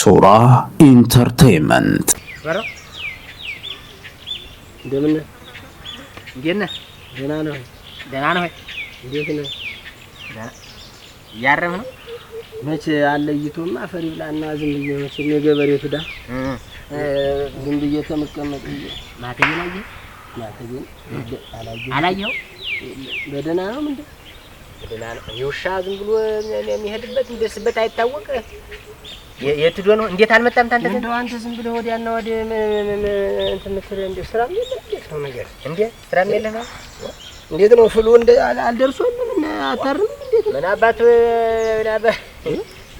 ሶራ ኢንተርቴይንመንት እንደምን ነው? መቼ አለይቶማ ፈሪ ብላና ዝም ብዬ መቼም የገበሬው ትዳ ዝም ብዬ ተመቀመጥ በደህና ነው ምንድን በደህና ነው የውሻ ዝም ብሎ የሚሄድበት የሚደርስበት የት ዶ ነው? እንዴት አልመጣም? ታንተ እንደው አንተ ዝም ብለህ ወዲያና ወዲህ እንትን የምትል እንደው ስራም የለም። ነው ነገር? እንዴ ስራም የለም። እንዴት ነው ፍሉ እንደ አልደርሶም ምን አታርም? እንዴት ምን አባት ምን ናበ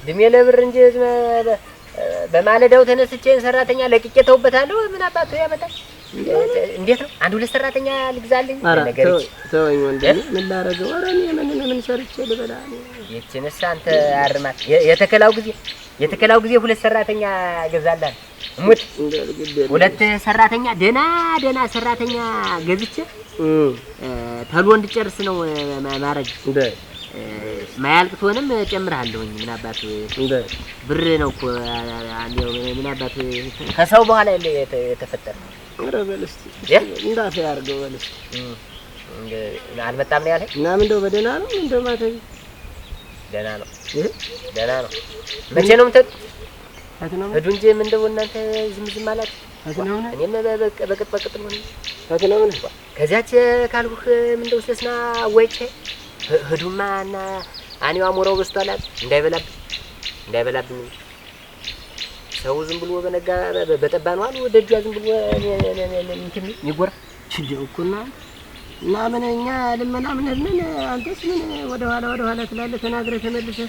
ድሜ ለብር እንጂ በማለዳው ተነስቼን ሰራተኛ ለቅቄ ተውበታለሁ። ምን አባቱ ያመጣል? እንዴት ነው አንድ ሁለት ሰራተኛ ልግዛልኝ? ነገር ተወኝ ወንድሜ፣ ምን ላደርገው? ኧረ እኔ ምን ምን ሰርቼ ልበላ? ይችንስ አንተ አርማት የተከላው ጊዜ የተከላው ጊዜ ሁለት ሰራተኛ ገዛላል። ሙት ሁለት ሰራተኛ ደና ደና ሰራተኛ ገዝቼ ተሎ እንድጨርስ ነው ማረግ። ማያልቅቶንም ጨምርሃለሁኝ። ምን አባት ብር ነው እኮ አንዴው። ምን አባት ከሰው በኋላ ያለ የተፈጠረ እንዳፈ ያርገው በልስ አልመጣም ነው ያለ ምናምን እንደው በደህና ነው እንደው ማተኝ ደህና ነው፣ ደህና ነው። መቼ ነው የምትሄዱ? ሂዱ እንጂ ምን እንደው እናንተ ዝም ዝም አላት። እኔም በቅጥ በቅጥ ነው ፈትነውን ከዚያች ካልሁህ ምን እንደው ስለስና አዋይቼ እዱማ እና አኔዋ አሞራው በዝቷል እንዳይበላብ እንዳይበላብኝ እንዳይበላብኝ ሰው ዝም ብሎ በነጋ በጠባ ነው አሉ ደጃ ዝም ብሎ እንትን የሚጎራ ችግር እኮ እና እና ልመና ምን ምን አንተስ ምን ወደ ኋላ ወደ ኋላ ትላለህ? ተናግረ ተመልሰ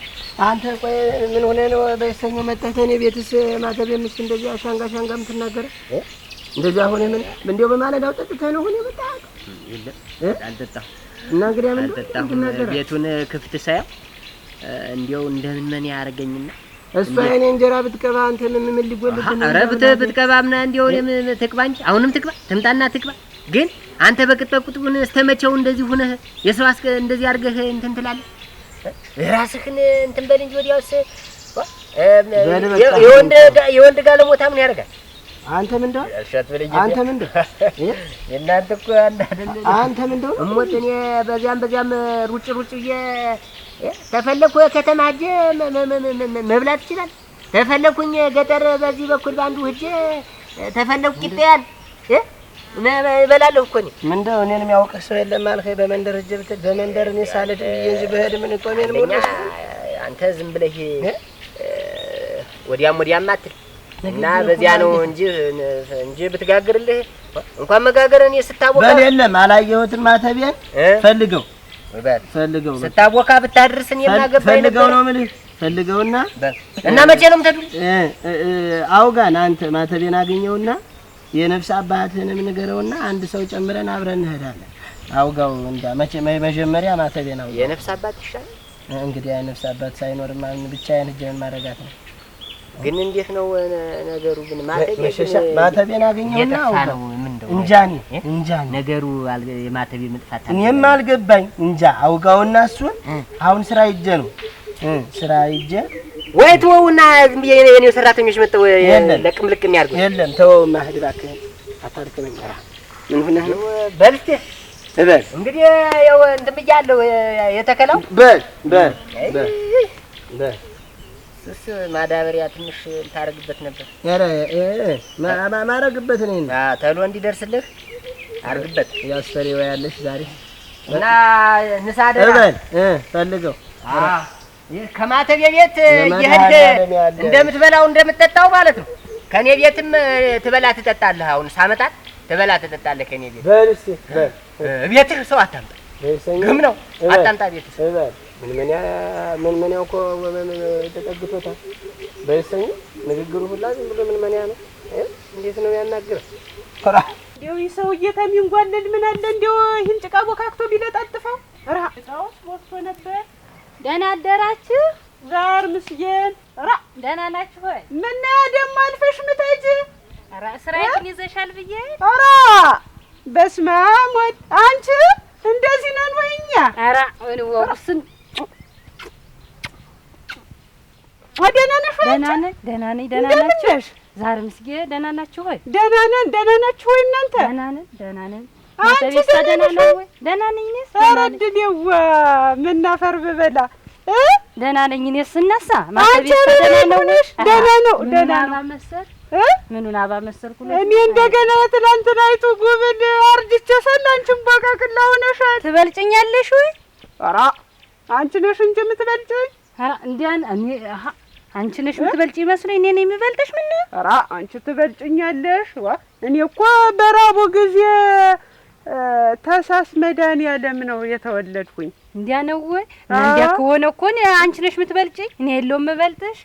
አንተ ቆይ ምን ሆነ ነው በሰኞ መጣተ እኔ ቤትስ ማገብ የምስ እንደዚህ አሻንጋ ሻንጋ የምትናገረህ እንደዚህ አሁን ምን እንዲያው በማለዳው ጠጥተህ ነው ሆነ መጣ የለም አልጠጣም። እና እንግዲህ ምን ትናገረህ? ቤቱን ክፍት ሳያው እንዲያው እንደምን ምን ያደርገኝና እሷ የኔ እንጀራ ብትቀባ አንተ ምን ምን ሊጎልብህ ነው? ኧረ ብትቀባምና እንዲያው ትቅባ እንጂ አሁንም ትቅባ ትምጣና ትቅባ ግን አንተ በቅጠቁጥቁን እስተመቸው እንደዚህ ሆነህ የሰው አስከ እንደዚህ አድርገህ እንትን ትላለህ። ራስህን እንትን በል እንጂ ወዲያውስ የወንድ የወንድ ጋለሞታ ምን ያደርጋል? አንተ ምን እንደው እርሻት በለኝ። አንተ ምን እንደው እናንተ እኮ አንድ አይደለ? አንተ ምን እንደው እሞት እኔ በዚያም በዚያም ሩጭ ሩጭ ብዬ ተፈለኩ ከተማ ሂጅ መብላት ይችላል። ተፈለኩኝ ገጠር በዚህ በኩል ባንዱ ሂጅ ተፈለኩ ቂጤ ያል እ እበላለሁ እኮ እኔ ምንድን እኔን የሚያውቅህ ሰው የለም አልከኝ። በመንደር ሂጅ ብትል በመንደር እኔ ሳልሄድ ብዬሽ እንጂ በሄድ ምን ጦሜን ሞላ። አንተ ዝም ብለህ ወዲያም ወዲያም አትል እና በዚያ ነው እንጂ እንጂ ብትጋግርልህ እንኳን መጋገር እኔ ስታቦካ በል የለም አላየሁትም። ማተቢያን ፈልገው ፈልገው ስታቦካ ብታደርስ እኔ የማገባ ፈልገው ነው የምልህ ፈልገውና እና መቼ ነው የምትሄዱ አውጋን አንተ ማተቢያን አገኘውና የነፍስ አባትህንም ንገረውና አንድ ሰው ጨምረን አብረን እንሄዳለን። አውጋው እንዳ መጀመሪያ ማተቤ ነው የነፍስ አባት ይሻል። እንግዲህ የነፍስ አባት ሳይኖር ማን ብቻ ሂጅ ማረጋት ነው። ግን እንዴት ነው ነገሩ? ግን ማተቤ ማተቤን አገኘውና አውጋው እንጃ እንጃ ነገሩ የማተቤ መጥፋት እኔም አልገባኝ እንጃ። አውጋውና እሱን አሁን ስራ ይጀ ነው ስራ ይጀ ወይ ተወውና ዝም ብዬ የኔው ሰራተኞች መጥተው ለቅም ልቅም ያድርጉ። የለም ተወውና እባክህ አታድክመኝ። ምን ሆነህ ነው? በል እስኪ በል እንግዲህ ያው እንትን ብያለሁ። የተከላው በል በል በል በል እሱስ ማዳበሪያ ትንሽ ታረግበት ነበር። ኧረ ማረግበት እኔ ነው ተሎ እንዲደርስልህ አርግበት። ያስፈሪው ያለሽ ዛሬ እና ንሳደራ በል ፈልገው ከማተቤ ቤት እየሄድክ እንደምትበላው እንደምትጠጣው ማለት ነው። ከእኔ ቤትም ትበላ ትጠጣለህ። አሁን ሳመጣት ትበላ ትጠጣለህ ከእኔ ቤት። በል እስኪ በል ቤትህ ሰው አታምጣ፣ ግም ነው አታምጣ ቤትህ። ምን ምን ምን ምን ያው እኮ ተጠግቶታል። በል ንግግሩ ሁላ ዝም ብሎ ምን ምን ያ ነው። እንዴት ነው ያናግረህ? ተራ እንዲያው ይህ ሰውዬ ተሚንጓለል ምን አለ እንዲያው ይህን ጭቃ ቦካክቶ ቢለጣጥፈው ራ ጭቃውስ ቦክቶ ነበር ደህና አደራችሁ። ዛር ምስዬን ራ ደህና ናችሁ ወይ? ምነው ደግሞ አልፈሽ ምተጅ ራ ይዘሻል ብዬ ራ በስመ አብ ወልድ። አንቺ እንደዚህ ነን ወይ እኛ? ራ ወጉስን ደህና ነሽ ደህና ነኝ፣ ደህና ነኝ። ደህና ናችሁ? ዛር ምስዬ ደህና ናችሁ ወይ? ደህና ነን፣ ደህና ናችሁ ወይ እናንተ? ደህና ነን፣ ደህና ነን። ቤታ ደህና ነው ወይ? ደህና ነኝ እኔስ። ኧረ እድሜዋ ምናፈር ብበላ ደህና ነኝ እኔስ ስነሳ ማቤታ ደህና ነው። ደህና ነው፣ ደህና ነው መሰል ምኑን አባ መሰልኩ እኔ እንደገና የትናንትናይቱ ጉብል አርጅቼ ሰል አንቺን ቦቀቅላ ሆነሻል። ትበልጭኛለሽ ወይ? ኧረ አንቺ ነሽ እንጂ የምትበልጭኝ እንዲያን አንቺ ነሽ የምትበልጭ ይመስለኝ እኔ ነኝ የምበልጥሽ? ምን ኧረ አንቺ ትበልጭኛለሽ። እኔ እኮ በራቡ ጊዜ ተሳስ መድኃኒዓለም ነው የተወለድኩኝ። እንዲያ ነው ወይ? እንዲያ ከሆነ እኮ አንቺ ነሽ የምትበልጭኝ፣ እኔ የለውም የምበልጥሽ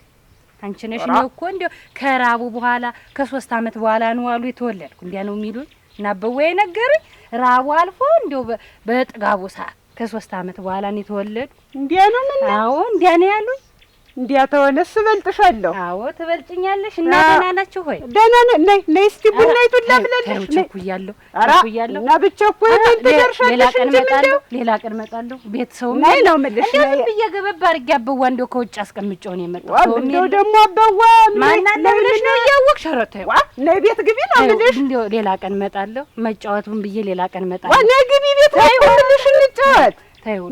አንቺ ነሽ። እኔ እኮ እንዲያ ከራቡ በኋላ ከሶስት አመት በኋላ ነው አሉ የተወለድኩ። እንዲያ ነው የሚሉኝ እና በወይ ነገሩኝ። ራቡ አልፎ እንዲያው በጥጋቡ ሰዓት ከሶስት አመት በኋላ ነው የተወለድኩ። እንዲያ ነው ምን? አዎ እንዲያ ነው ያሉኝ። እንዲያ ተሆነስ እበልጥሻለሁ። አዎ ትበልጭኛለሽ። እና ደህና ናችሁ ሆይ? ደህና ነይ እስኪ ቸኩያለሁ፣ ቸኩያለሁ እና ምን ትደርሻለሽ እንጂ ሌላ ቀን እመጣለሁ። ነይ ነው የምልሽ። ዝም ብዬ ገበብ አድርጌ አበዋ እንደው ከውጭ አስቀምጬው ነው እንደው ደግሞ አበዋ ነው እያወቅሽ። ነይ ቤት ግቢ ነው የምልሽ። ሌላ ቀን እመጣለሁ። መጫወቱን ብዬ ሌላ ቀን እመጣለሁ። ነይ ግቢ ቤት ነው የምልሽ፣ እንጫወት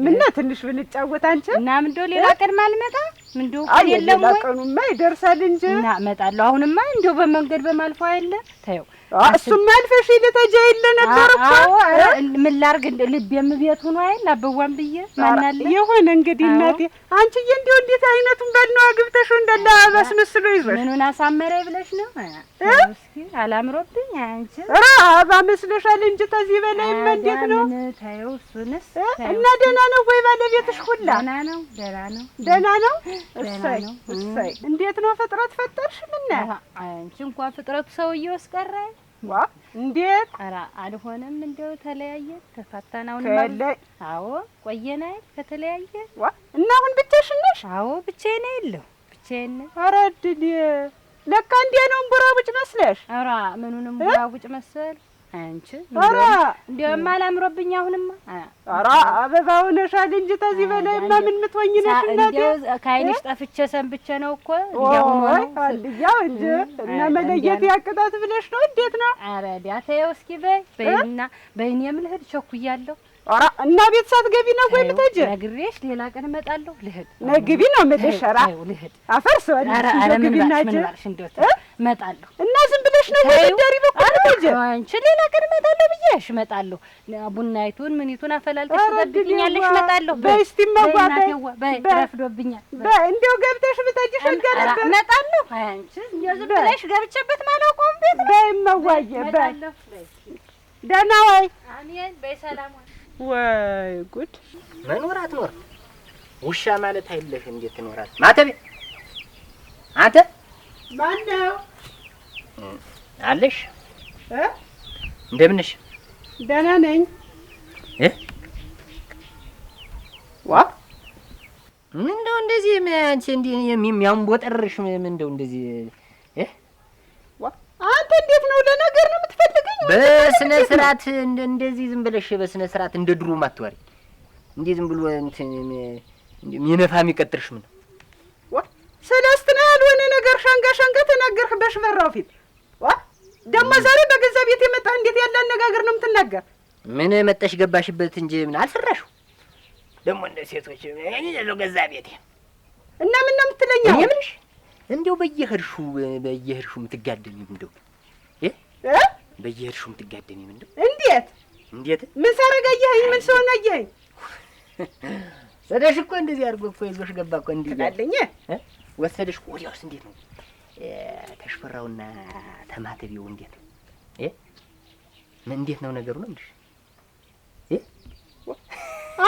ምን ትንሽ ብንጫወት አንቺ እና ምን ሌላ ቀን ማልመጣ ምን እንደው ቀን የለም ወይ? ቀኑማ ይደርሳል እንጂ እና እመጣለሁ። አሁንማ እንደው በመንገድ በማልፎ አይደለ ታየው እሱማ አልፈሽ ልተጃ የለ ነበር እኮ ምን ላድርግ? ልቤም ቤት ሆኖ አይደል አበዋን ብዬ ማናለ የሆነ እንግዲህ እናቴ፣ አንቺዬ እንዲያው እንዴት አይነቱን ባል አግብተሽው እንዳለ አስመስሎ ይዞሽ ምኑን አሳመረ ብለሽ ነው? እስኪ አላምሮብኝ አንቺ ራ ባመስለሻል እንጂ ከዚህ በላይ እንዴት ነው? ተይው እሱንስ። እና ደህና ነው ወይ ባለቤትሽ? ሁላ ደህና ነው፣ ደህና ነው፣ ደህና ነው። እሰይ እሰይ። እንዴት ነው ፍጥረት ፈጠርሽ? ምን አንቺ እንኳን ፍጥረቱ ሰውዬው እስቀራይ እንዴት ኧረ አልሆነም። እንደው ተለያየን ተፋታን። አሁን አዎ ቆየን አይደል ከተለያየን እና አሁን ብቻሽን ነሽ? አዎ ብቻዬን የለሁ ብቻዬን። ኧረ እድል ለካ እንዴ ነው እምቡራቡጭ መስለሽ? ኧረ ምኑንም እምቡራቡጭ መሰል አንቺ እንዲያውም አላምሮብኝ። አሁንማ ኧረ አበባ ሆነሻል እንጂ ተዚህ በላይማ ምን ምትሆኝ ነሽ እናቴ? ከዓይንሽ ጠፍቼ ሰንብቼ ነው እኮ እንዲያው እንጂ እና መለየት ያቅጣት ብለሽ ነው? እንዴት ነው? ኧረ ዲያ ተይው እስኪ በይ በይና በይኔ የምልህድ ቸኩያለሁ። ኧረ እና ቤት ሳትገቢ ነው ወይ የምትሄጂ? ነግሬሽ ሌላ ቀን እመጣለሁ። ልሂድ ነግቢ ነው የምልሽ። ኧረ አፈር ስወልሽ ግቢ እመጣለሁ እና ዝም ብለሽ ሆነሽ ነው ወደዳሪ በኩል ልጅ አንቺ ሌላ ቀን እመጣለሁ ብዬሽ እመጣለሁ። ቡናይቱን ምኒቱን አፈላልቀሽ ትጠብቂኛለሽ። እመጣለሁ በይ እስኪ መጓበይ በይ ረፍዶብኛል። በይ ገብተሽ ነበር። እመጣለሁ አንቺ ዝም ብለሽ ገብቼበት ማላውቀውም ቤት ነው። በይ በይ ደህና ወይ አሜን። በይ ሰላም ወይ ጉድ መኖር አትኖር ውሻ ማለት አይለሽ እንዴት ማተቤ አንተ ማነው? አለሽ እ እንደምንሽ? ደህና ነኝ። እ ዋ ምንደው እንደዚህ አንቺ እንዲህ የሚያንቦጠርሽ ምንደው እንደዚህ አንተ እንዴት ነው ለነገር ነው የምትፈልገኝ? በስነ ስርዓት እንደዚህ ዝም ብለሽ በስነ ስርዓት እንደ ድሮ ማትወሪ እንዴ ዝም ብሎ እንትን የሚነፋ የሚቀጥርሽ ምን ሰለስት ነው ያልሆነ ነገር ሻንጋ ሻንጋ ተናገርህ በሽበራው ፊት ደግሞ ዛሬ በገዛ ቤት የመጣ እንዴት ያለ አነጋገር ነው የምትናገር? ምን መጠሽ ገባሽበት እንጂ ምን አልሰራሹ። ደግሞ እንደ ሴቶች ያለው ገዛ ቤቴ እና ምን ነው የምትለኛ? ምንሽ እንዲው በየህርሹ በየህርሹ የምትጋደሚ ምንደው በየህርሹ የምትጋደሚ ምንደው? እንዴት እንዴት ምን ሳረጋየኸኝ ምን ሰሆን አየኸኝ? ወሰደሽ እኮ እንደዚህ አድርጎ እኮ ይዞሽ ገባ እኮ እንዲህ ትላለኝ። ወሰደሽ ወዲያውስ እንዴት ነው ተሽፈራውና ተማተቢው እንዴት እ እንዴት ነው ነገሩ ነው እንዴ? እ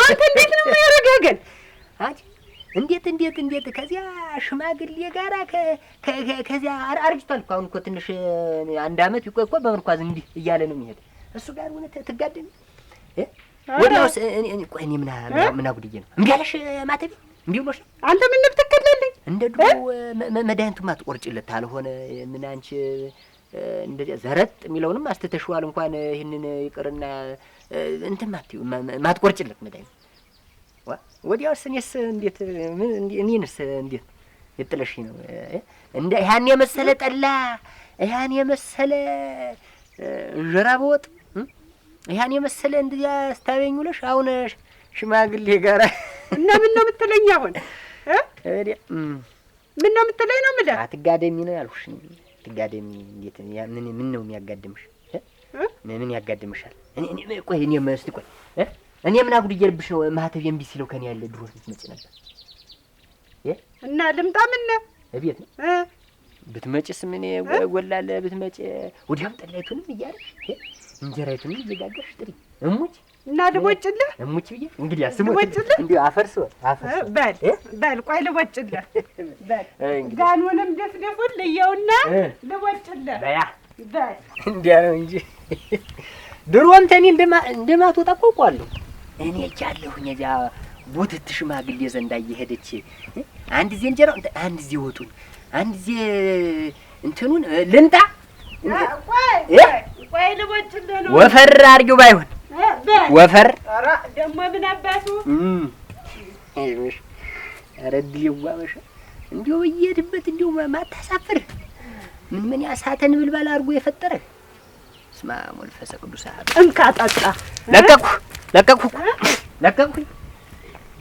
አንተ እንዴት ነው የሚያረጋገን? አጭ እንዴት እንዴት እንዴት ከዚያ ሽማግሌ ጋራ ከዚያ አርጅቷል እኮ አሁን እኮ ትንሽ አንድ አመት ይቆይ እኮ በምርኳዝ እንዲህ እያለ ነው የሚሄድ። እሱ ጋር ሆነ ትጋደም እ ወዲያውስ እኔ ምን ምን አጉድዬ ነው እምቢ አለሽ ማተቢ እምቢ ብሎሽ አንተ ምን ብትከድ ይስጥልኝ። እንደ ድሮ መድኃኒቱማ ትቆርጭለት አልሆነ ምን አንቺ እንደ ዘረጥ የሚለውንም አስተተሽዋል። እንኳን ይህንን ይቅርና እንትን ማትዩ ማትቆርጭለት መድኃኒት ወዲያውስ እኔስ እንዴት እኔንስ እንዴት የጥለሽ ነው እንደ ያን የመሰለ ጠላ ያን የመሰለ እንጀራ በወጥ ያን የመሰለ እንዲያ ስታበኙለሽ አሁን ሽማግሌ ጋር እና ምን ነው የምትለኝ አሁን? ምን ነው የምትለኝ? ነው የምልህ አትጋደሚ ነው ያልኩሽ። ትጋደሚ እንዴት? ምን ነው የሚያጋድምሽ? ምን ያጋድምሻል? ቆይ እኔ እስኪ ቆይ እኔ ምን አጉድዬልብሽ ነው ማህተብ የምቢ ሲለው ከኔ ያለ ድሮስ ብትመጪ ነበር እና ልምጣ። ምን ነው እቤት ነው ብትመጪስ? ምን ወላለ ብትመጪ ወዲያም ጠላይቱንም እያለሽ እንጀራይቱንም እየጋገርሽ ጥሪ እሙች እና ልቦጭልህ እሙች እንዲሁ አፈርስ አፈርስ በል በል ቆይ በል ጋኑንም ደፍደፉን ልየውና በያ በል እንዲያ ነው እንጂ እኔ እዚያ ቡትት ሽማግሌ ዘንዳ እየሄደች አንድ ጊዜ እንጀራው አንድ ጊዜ ወጡን አንድ ጊዜ እንትኑን ልንጣ ቆይ ቆይ ነው ወፈር አድርጊው ባይሆን ወፈር ደግሞ ምን አባቱ ኧረ እንዲሁ እየሄድበት እንዲሁ ማታሳፍር ምን ምን ያሳተን ብልባል አድርጎ የፈጠረ ስማ መንፈሰ ቅዱስ እንካ ጠጣ።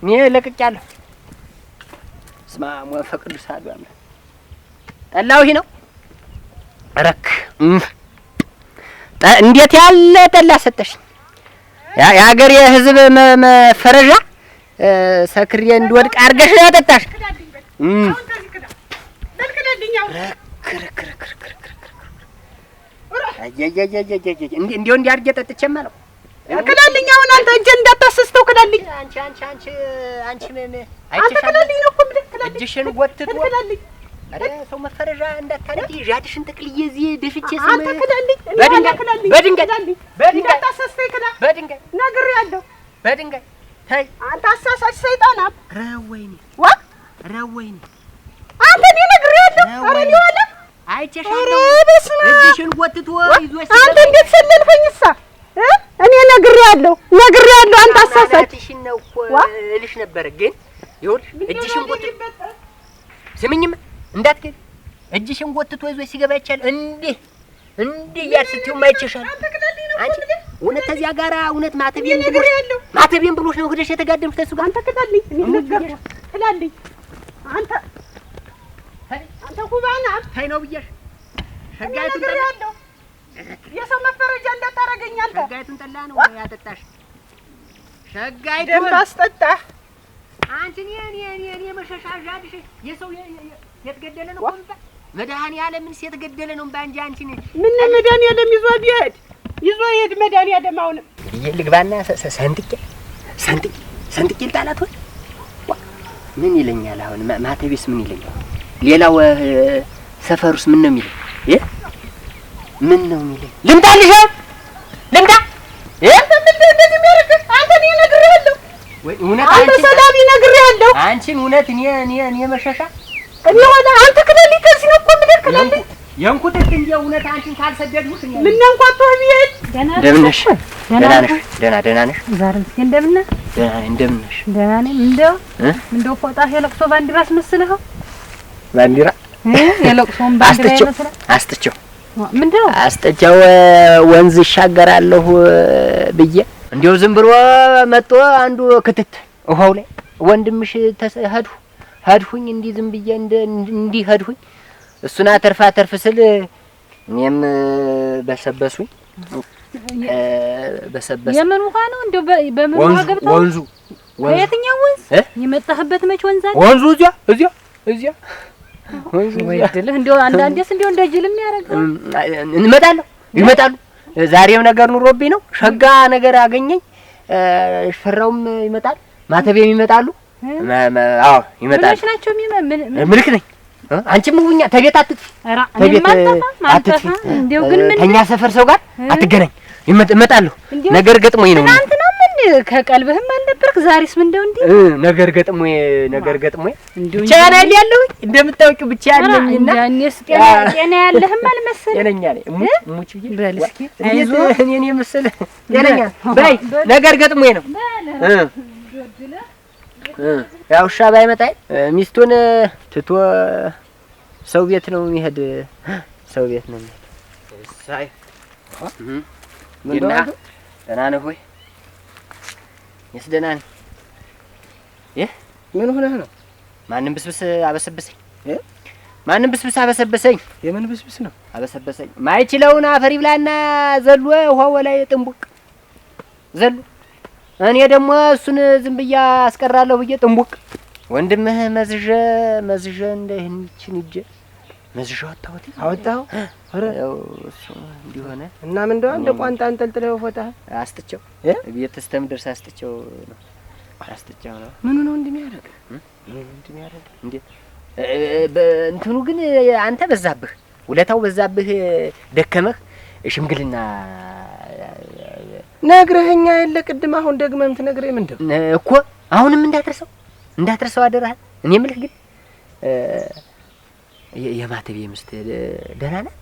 እኔ ለቅቄያለሁ። ስማ ቅዱስ ጠላው ይሄ ነው። ረክ እንዴት ያለ ጠላ ሰጠሽኝ። የሀገር የህዝብ መፈረዣ ሰክሬ እንድወድቅ አድርገሽ ነው ያጠጣሽ። እንዲሁ እንዲህ አድርጌ ጠጥቼ ነው። ክዳልኝ አሁን አንተ እጄን እንዳታስስተው ክዳልኝ። አንቺ አንቺ አንቺ አንቺ ምን አንተ ክዳልኝ ነው እኮ የምልህ ክዳልኝ እጅሽን ወትቶ አረ ሰው መፈረዣ እንዳታደርጊ ዣድሽን ተክልዬ እዚህ ደፍቼ ስም አንተ ክዳልኝ በድንጋይ በድንጋይ በድንጋይ ታሰስተይ ክዳ በድንጋይ ነግሬያለሁ። በድንጋይ ተይ አንተ አሳሳች ሰይጣን አብ ረወይኒ ዋ ረወይኒ አንተ እኔ ነግሬያለሁ። ኧረ ሊዋለ አይቼሻለሁ። በስመ አብ እጅሽን ወጥቶ ይዞሽ አንተ እንዴት ሰለልፈኝሳ እኔ ነግሬያለሁ፣ ነግሬያለሁ። አንተ አሳሳች እሺ ነው እኮ እልሽ ነበር ግን ይሁን እጅሽን ወጥቶ ስምኝማ እንዳትገቢ እጅሽን ጎትቶ ይዞ ሲገባ ይቻል እንዲህ እንዲህ እያል ማይችሻል አንቺ እውነት ከዚያ ጋራ እውነት ማተቤን ብሎሽ ማተቤን ብሎሽ ነው ሄደሽ የተጋደምሽ ተሱ ጋር አንተ ክዳልኝ ክዳልኝ አንተ አንተ ኩባና ታይ ነው ብዬሽ ሸጋይቱን ጠላ የሰው መፈረጃ እንዳታረገኝ አንተ ሸጋይቱን ጠላ ነው ያጠጣሽ ሸጋይቱን ደም አስጠጣህ አንቺ እኔ እኔ እኔ መሸሻ አዣድሽ የሰው የተገደለ ነው የሚባል መድኃኒዓለምን ሴት ገደለ ነው እምባ እንጂ አንቺን ምን ነው መድኃኒዓለም ይዞ ቢሄድ ይዞ ይሄድ መድኃኒዓለም አሁንም እንግዲህ ልግባና ሰንጥቄ ሰንጥቄ ሰንጥቄ ልጣላት ወይ ምን ይለኛል አሁን ማተቤስ ምን ይለኛል ሌላው ሰፈሩስ ምን ነው የሚለኝ ምን ነው የሚለኝ ልምጣልሽ እውነት አንተ ሰላም ይነግር ያለው አንቺን እውነት እኔ እኔ እኔ መሸሻ እኔ ወደ አንተ ክለል ከዚህ ነው እኮ ምን የንኩ የንኩት እንደ እውነት አንቺን ካልሰደድኩት እኔ ምን እንኳን ተው ይሄ እንደምን ደህና ነሽ? ደህና ደህና ነሽ? ዛሬ እስኪ እንደምን ደህና ነኝ። እንደምን ነሽ? ደህና ነኝ። እንደው እንደው ፎጣ የለቅሶ ባንዲራ አስመስልኸው ባንዲራ የለቅሶውን ባንዲራ ይመስላል። አስጥቼው ምንድን አስጥቼው ወንዝ ይሻገራለሁ ብዬ እንዲሁ ዝም ብሎ መጦ አንዱ ክትት ውሃው ላይ ወንድምሽ ሄድሁ ሀድሁኝ እንዲህ ዝም ብዬ እንዲህ ሄድሁኝ እሱን አተርፍ አተርፍ ስል እኔም በሰበሱኝ። በሰበስ የምን ውሃ ነው? እንዲሁ በምን ውሃ ገብተው ወንዙ ወንዙ የትኛው ወንዝ የመጣህበት? መች ወንዝ አለ? ወንዙ እዚያ እዚያ እዚያ ወንዙ ወይ ድልህ እንዲሁ አንዳንዴስ እንዲሁ እንደ ጅልም ያረጋል። እንመጣለሁ ይመጣሉ ዛሬም ነገር ኑሮብኝ ነው። ሸጋ ነገር አገኘኝ። ሽፈራውም ይመጣል፣ ማተቤም ይመጣሉ። አዎ ይመጣል። ምልክ ነኝ። አንቺም ሁኛ ተቤት አትጥፊ፣ ተቤት አትጥፊ። ግን ምን ተኛ ሰፈር ሰው ጋር አትገናኝ። ይመጣሉ ነገር ገጥሞኝ ነው። ከቀልብህም አልነበርክ። ዛሬስ ምን እንደው እንዴ ነገር ገጥሞ ነገር ገጥሞ ብቻ ያለ ያለው እንደምታውቂው ብቻ ያለኝ እና ያኔስ ጤና ጤና ያለህም አልመሰለኝ። ጤነኛ ነኝ ሙጭ ሙጭ በል እስኪ እኔ ነኝ የመሰለ ጤነኛ በይ። ነገር ገጥሞ ነው እ ያው ውሻ ባይመጣኝ ሚስቱን ትቶ ሰው ቤት ነው የሚሄድ። ሰው ቤት ነው የሚሄድ። ሳይ ምን ደህና ነህ ወይ? እኔስ ደህና ነኝ። ይህ ምን ሆነህ ነው? ማንም ብስብስ አበሰበሰኝ። ማንም ብስብስ አበሰበሰኝ። የምን ብስብስ ነው አበሰበሰኝ? ማይችለውን አፈር ይብላና ዘሎ ውሃ ላይ ጥንቡቅ ዘሎ፣ እኔ ደግሞ እሱን ዝም ብዬ አስቀራለሁ ብዬ ጥንቡቅ ወንድምህ መዝዤ መዝዤ እንደ ይህንችን ይጀ መዝሻ አወጣሁት አወጣሁ። ኧረ ያው እሱ እንዲሆነ እና ምን እንደሆነ እንደ ቋንጣ አንጠልጥለው ፎታ አስጥቸው ቤት እስከምደርስ አስጥቸው ነው አስጥቸው ነው። ምኑ ነው እንደሚያደርግ ምኑ እንደሚያደርግ እንዴ በእንትኑ ግን አንተ በዛብህ፣ ውለታው በዛብህ፣ ደከመህ። ሽምግልና ነግረህኛ የለ ቅድም። አሁን ደግመህ ትነግረህ ምንድን ነው እኮ አሁንም እንዳትረሳው እንዳትረሳው አደረሃል። እኔ የምልህ ግን የማተቤ ምስት ደህና ናት?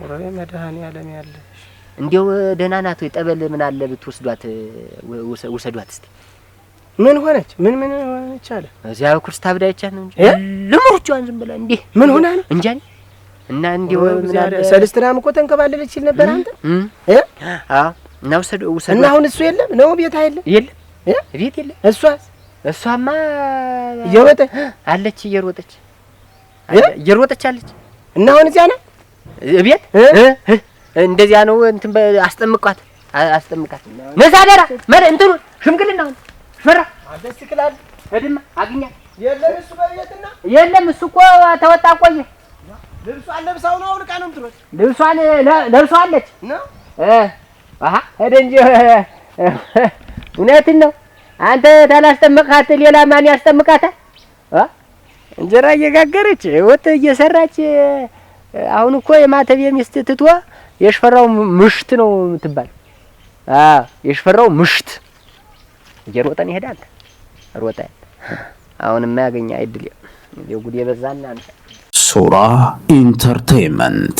ወረቤ መድኃኔዓለም ያለሽ እንዲያው ደህና ናት ወይ? ጠበል ምን አለ ብትወስዷት፣ ውሰዷት እስቲ። ምን ሆነች? ምን ምን ሆነች አለ እዚያ ኩርስ ታብዳይቻት ነው እንጂ ልሙርቿን ዝም ብላ እንዴ ምን ሆና ነው እንጃ እና እንዲሁ ሰልስትናም እኮ ተንከባለለች ሲል ነበር። አንተ አዎ። እና ውሰድ ውሰድ። እና አሁን እሱ የለም ነው ቤት የለም የለም ቤት የለም። እሷስ እሷማ እየሮጠች አለች እየሮጠች እየሮጠቻለች እና አሁን እዚያ ነው እቤት እንደዚያ ነው እንትን አስጠምቋት አስጠምቃት መሳደራ መረ እንትኑ ሽምግልና አሁን ሽመራ ደስ ይላል። እድማ አግኛ የለም እሱ በቤትና የለም እሱ እኮ ተወጣ ቆየ። ልብሷን ለብሳው ነው አውልቃ ነው የምትሮጥ። ልብሷን ለብሷለች ነው አሃ ሄደ እንጂ እውነትን ነው። አንተ ታላስጠመቅካት ሌላ ማን ያስጠምቃታል? እንጀራ እየጋገረች ወጥ እየሰራች አሁን እኮ የማተብ የሚስት ትቶ የሽፈራው ምሽት ነው የምትባል። አዎ የሽፈራው ምሽት እየሮጠን ይሄዳል። ሮጠ አሁን የማያገኝ አይድል የጉድ የበዛና ሱራ ኢንተርቴንመንት